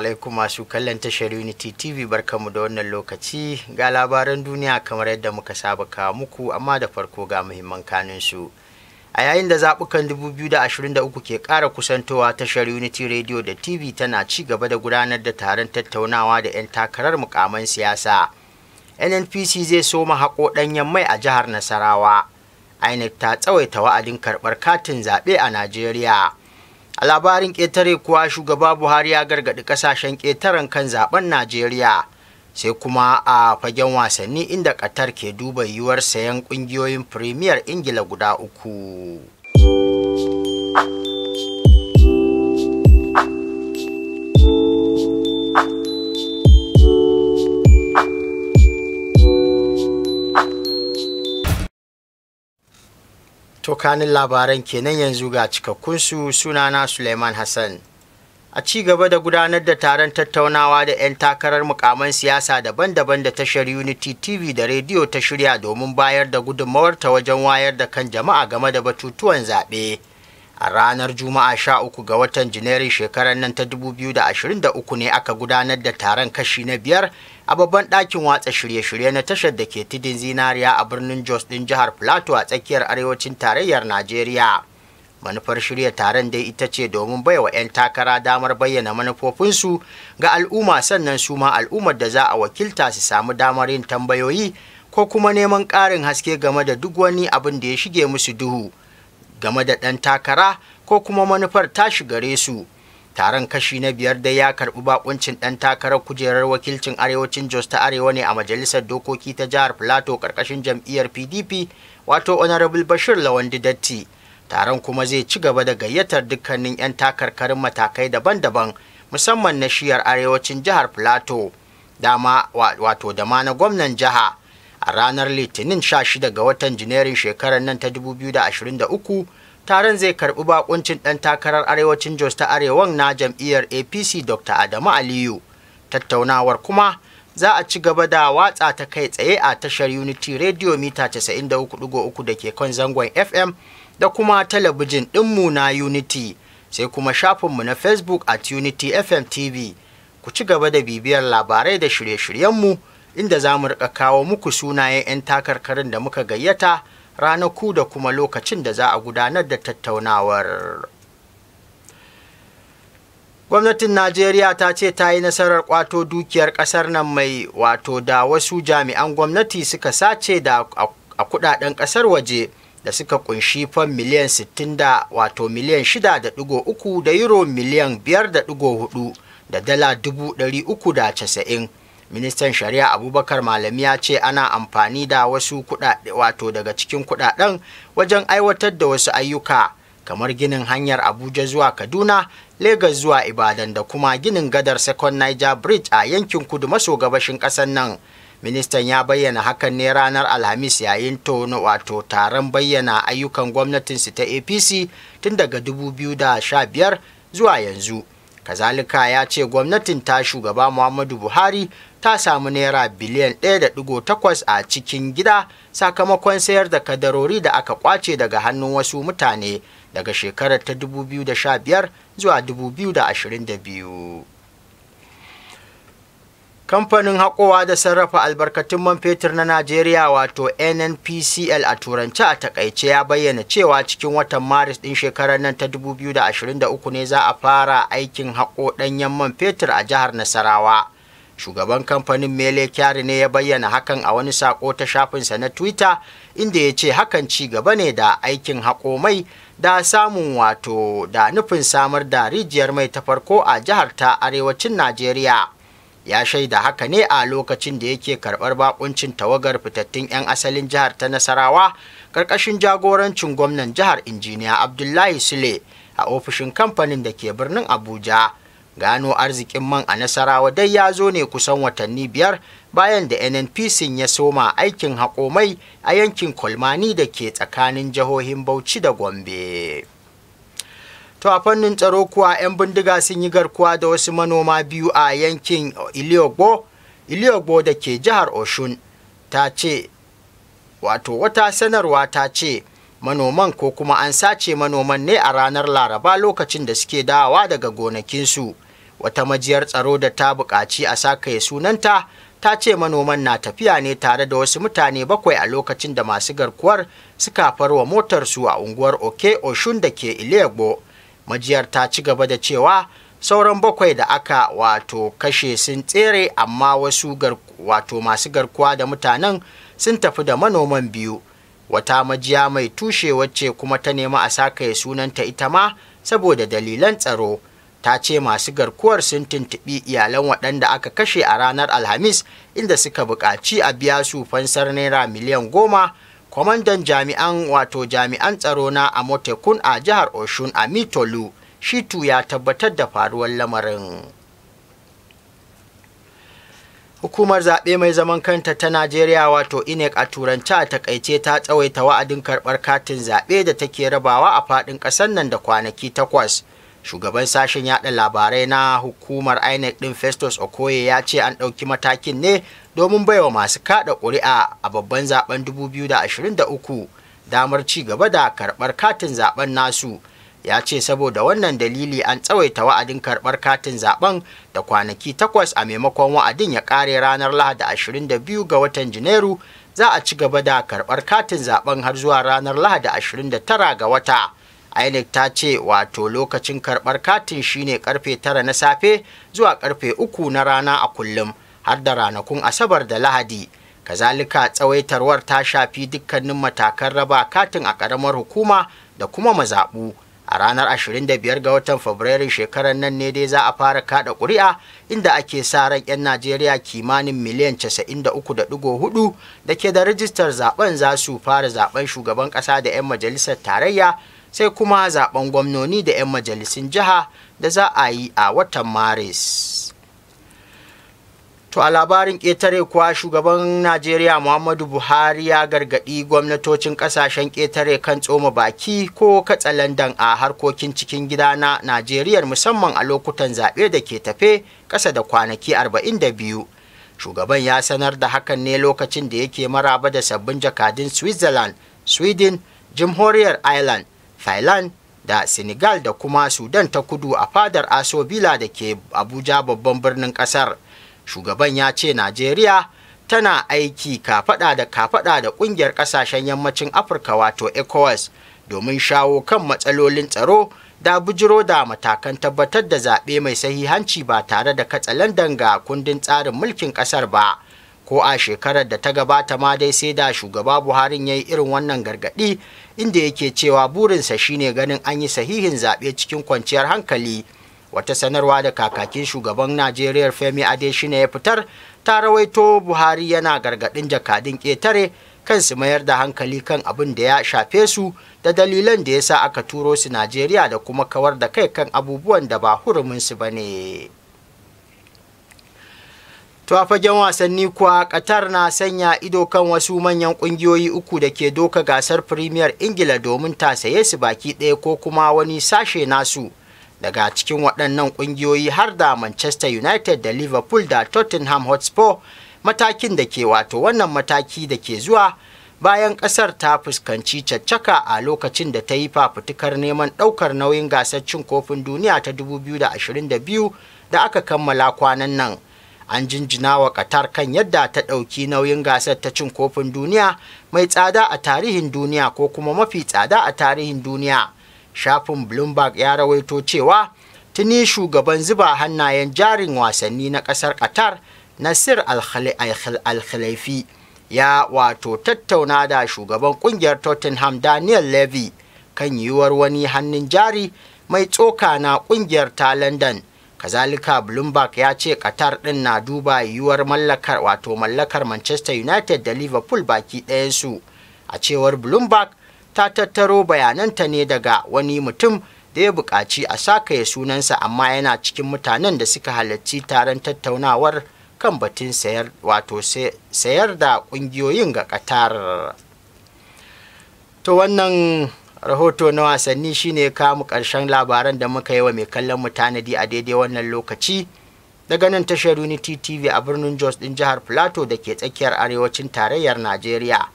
alaikum masu kallon tashar Unity TV barkamu da wannan lokaci ga labaran duniya kamar yadda muka saba kawo muku amma da farko ga muhimman kanunsu. A yayin da zaɓukan 2023 ke ƙara kusantowa tashar Unity Radio da TV tana ci gaba da gudanar da taron tattaunawa da 'yan takarar mukaman siyasa. NNPC zai soma haƙo ɗanyen mai a jihar Nasarawa. INEC ta tsawaita wa'adin karɓar katin zaɓe a Najeriya. a labarin ƙetare kuwa shugaba buhari ya gargaɗi ƙasashen ƙetaren kan zaben najeriya sai kuma a fagen wasanni inda qatar ke duba yiwuwar sayan ƙungiyoyin premier ingila guda uku To kanin labaran kenan yanzu ga cikakkunsu sunana Suleiman Hassan. A ci gaba da gudanar da taron tattaunawa da 'yan takarar mukaman siyasa daban-daban da tashar Unity TV da rediyo ta shirya domin bayar da gudunmawarta wajen wayar da kan jama'a game da batutuwan zaɓe. a ranar juma'a sha uku ga watan janairu shekarar nan ta 2023 ne aka gudanar da taron kashi na biyar a babban ɗakin watsa shirye-shirye na tashar da ke tidin zinariya a birnin jos ɗin jihar plateau a tsakiyar arewacin tarayyar najeriya manufar shirya taron dai ita ce domin baiwa 'yan takara damar bayyana manufofinsu ga al'umma sannan su ma al'ummar da za a wakilta su samu damar yin tambayoyi ko kuma neman ƙarin haske game da duk wani abin da ya shige musu duhu game da ɗan takara ko kuma manufar tashi gare su taron kashi na biyar da ya karɓi bakuncin ɗan takarar kujerar wakilcin arewacin jos ta arewa ne a majalisar dokoki ta jihar filato ƙarƙashin jam'iyyar pdp wato honorable bashir lawandi datti taron kuma zai ci gaba da gayyatar dukkanin 'yan takarkarin matakai daban-daban musamman na shiyar arewacin jihar filato dama wato da ma na gwamnan jiha a ranar litinin 16 ga watan janairun shekarar nan ta 2023 taron zai karbi bakuncin dan takarar arewacin jos ta arewan na jam'iyyar apc dr adamu aliyu tattaunawar kuma za a ci gaba da watsa ta kai tsaye a tashar unity radio mita 93.3 da ke kan zangon fm da kuma talabijin dinmu na unity sai kuma shafinmu na facebook at unity fm tv ku ci gaba da bibiyar labarai da shirye-shiryenmu inda za mu rika kawo muku sunayen 'yan takarkarin da muka gayyata ranaku da kuma lokacin da za a gudanar da tattaunawar. gwamnatin najeriya ta ce ta yi nasarar kwato dukiyar kasar nan mai wato da wasu jami'an gwamnati suka sace da a kudaden kasar waje da suka kunshi fan miliyan 60 da wato miliyan 6.3 da euro miliyan 5.4 da dala 390 ministan shari'a abubakar malami ya ce ana amfani da wasu kuɗaɗe wato daga cikin kuɗaɗen wajen aiwatar da wasu ayyuka kamar ginin hanyar abuja zuwa kaduna Legas zuwa Ibadan da kuma ginin gadar Second Niger Bridge a yankin kudu maso gabashin ƙasar nan. Ministan ya bayyana hakan ne ranar Alhamis yayin tono wato taron bayyana ayyukan gwamnatinsu ta APC tun daga 2015 zuwa yanzu. kazalika ya ce gwamnatin ta shugaba muhammadu buhari ta samu naira biliyan 1.8 a cikin gida sakamakon sayar da kadarori da aka kwace daga hannun wasu mutane daga shekarar ta 2015 zuwa 2022 kamfanin haƙowa da sarrafa albarkatun man fetur na najeriya wato nnpcl a turance a takaice ya bayyana cewa cikin watan maris ɗin shekarar nan ta 2023 ne za a fara aikin haƙo ɗanyen man fetur a jihar nasarawa shugaban kamfanin mele kyari ne ya bayyana hakan a wani sako ta shafinsa na twitter inda ya ce hakan ci gaba ne da aikin haƙo mai da samun wato da nufin samar da rijiyar mai ta farko a jihar ta arewacin najeriya ya shaida haka ne a lokacin da yake karɓar bakuncin tawagar fitattun 'yan asalin jihar ta nasarawa ƙarƙashin jagorancin gwamnan jihar injiniya abdullahi sule a ofishin kamfanin da ke birnin abuja gano arzikin man a nasarawa dai ya zo ne kusan watanni biyar bayan da nnpc ya soma aikin haƙomai a yankin kolmani da ke tsakanin jihohin bauchi da gombe To a fannin tsaro kuwa 'yan bindiga sun yi garkuwa da wasu manoma biyu a yankin Iliogbo, Iliogbo da ke jihar Oshun ta ce, wato wata sanarwa ta ce manoman ko kuma an sace manoman ne a ranar Laraba lokacin da suke dawowa daga gonakinsu. Wata majiyar tsaro da ta bukaci a sakaye sunanta ta ce manoman na tafiya ne tare da wasu mutane bakwai a lokacin da masu garkuwar suka farwa motarsu a unguwar Oke Oshun da ke Iliogbo. majiyar ta ci gaba da cewa sauran bakwai da aka wato kashe sun tsere amma wasu wato masu garkuwa da mutanen sun tafi da manoman biyu wata majiya mai tushe wacce kuma ta nemi a sakaye sunanta ita ma saboda dalilan tsaro ta ce masu garkuwar sun tuntuɓi iyalan waɗanda aka kashe a ranar alhamis inda suka buƙaci a biya su fansar naira miliyan goma kwamandan jami'an wato jami'an tsaro na amotekun a jihar oshun a mitolu shitu ya tabbatar da faruwar lamarin hukumar zaɓe mai zaman kanta ta najeriya wato inec a turanci a takaice ta tsawaita wa'adin karɓar katin zaɓe da take rabawa a faɗin ƙasar nan da kwanaki takwas shugaban sashen yaɗa labarai na hukumar inec ɗin festus okoye ya ce an ɗauki matakin ne domin baiwa masu kada ƙuri'a a babban zaben 2023 damar ci gaba da karɓar katin zaben nasu ya ce saboda wannan dalili an tsawaita wa'adin karɓar katin zaben da kwanaki takwas a maimakon wa'adin ya ƙare ranar lahada 22 ga watan janairu za a ci gaba da karɓar katin zaben har zuwa ranar lahada 29 ga wata inec ta ce wato lokacin karɓar katin shine karfe 9 na safe zuwa karfe 3 na rana a kullum har da ranakun asabar da lahadi kazalika tsawaitarwar ta shafi dukkanin matakan raba katin a karamar hukuma da kuma mazaɓu a ranar 25 ga watan fabrairu shekarar nan ne dai za a fara kada ƙuri'a inda ake sa ran 'yan najeriya kimanin miliyan 93.4 da ke da rijistar zaben za su fara zaben shugaban ƙasa da 'yan majalisar tarayya sai kuma zaben gwamnoni da 'yan majalisun jiha da za a yi a watan maris To a labarin ƙetare kuwa shugaban Najeriya Muhammadu Buhari ya gargaɗi gwamnatocin ƙasashen ƙetare kan tsoma baki ko katsalandan a harkokin cikin gida na Najeriya musamman a lokutan zaɓe da ke tafe ƙasa da kwanaki 42. Shugaban ya sanar da hakan ne lokacin da yake maraba da sabbin jakadin Switzerland, Sweden, Jamhuriyar Ireland, Thailand da Senegal da kuma Sudan ta kudu a fadar Aso Bila da ke Abuja babban birnin ƙasar. shugaban ya ce najeriya tana aiki kafada da kafada da kungiyar kasashen yammacin afirka wato ecowas domin shawo kan matsalolin tsaro da bujiro da matakan tabbatar da zaɓe mai sahihanci ba tare da katsalandan ga kundin tsarin mulkin ƙasar ba ko a shekarar da ta gabata ma dai sai da shugaba buhari ya yi irin wannan gargaɗi inda yake cewa burinsa shine ganin an yi sahihin zaɓe cikin kwanciyar hankali wata sanarwa da kakakin shugaban najeriya femi adeshina ya fitar ta rawaito buhari yana gargadin jakadin ƙetare kan su mayar da hankali kan abin da ya shafe su da dalilan da ya sa aka turo su najeriya da kuma kawar da kai kan abubuwan da ba huruminsu ba ne a fagen wasanni kuwa qatar na sanya ido kan wasu manyan kungiyoyi uku da ke doka gasar premier ingila domin ta saye su baki ɗaya ko kuma wani sashe nasu daga cikin waɗannan ƙungiyoyi har da manchester united da liverpool da tottenham hotspur matakin da ke wato wannan mataki da ke zuwa bayan ƙasar ta fuskanci caccaka a lokacin da ta yi fafutukar neman ɗaukar nauyin gasar cin kofin duniya ta 2022 da aka kammala kwanan nan an jinjina wa ƙatar kan yadda ta ɗauki nauyin gasar ta cin kofin duniya mai tsada a tarihin duniya ko kuma mafi tsada a tarihin duniya shafin bloomberg ya rawaito cewa tuni shugaban zuba hannayen jarin wasanni na kasar qatar nasir al-khalifi ya wato tattauna da shugaban kungiyar tottenham daniel levy kan yiwuwar wani hannun jari mai tsoka na kungiyar ta london kazalika bloomberg ya ce qatar din na duba yiwuwar mallakar wato mallakar manchester united da liverpool baki ɗayansu a cewar bloomberg ta tattaro bayananta ne daga wani mutum da ya buƙaci a sakaya sunansa amma yana cikin mutanen da suka halarci taron tattaunawar kan batun sayar wato sayar da ƙungiyoyin ga ƙatar. to wannan rahoto na wasanni shine ya kamu ƙarshen labaran da muka yi wa mai kallon mu a daidai wannan lokaci daga nan tashar unity tv a birnin jos ɗin jihar plateau da ke tsakiyar arewacin tarayyar najeriya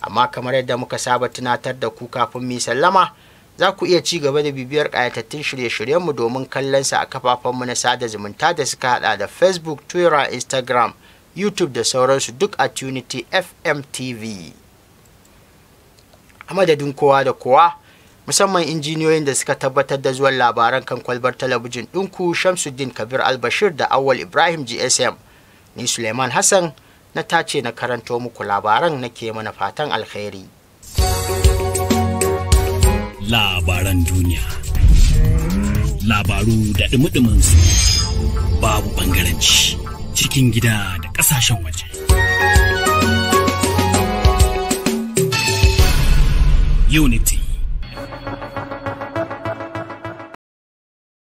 amma kamar yadda muka saba tunatar da ku kafin mu sallama za ku iya ci gaba da bibiyar kayatattun shirye-shiryenmu domin kallon sa a kafafenmu na sada zumunta da suka hada da facebook twitter instagram youtube da sauransu duk a tunity fm tv a madadin kowa da kowa musamman injiniyoyin da suka tabbatar da zuwan labaran kan kwalbar talabijin ɗinku shamsuddin kabir albashir da awal ibrahim gsm ni suleiman hassan na tace na karanto muku labaran nake mana fatan alkhairi. Labaran duniya Labaru da ɗumi su babu ɓangaranci cikin gida da ƙasashen waje. Unity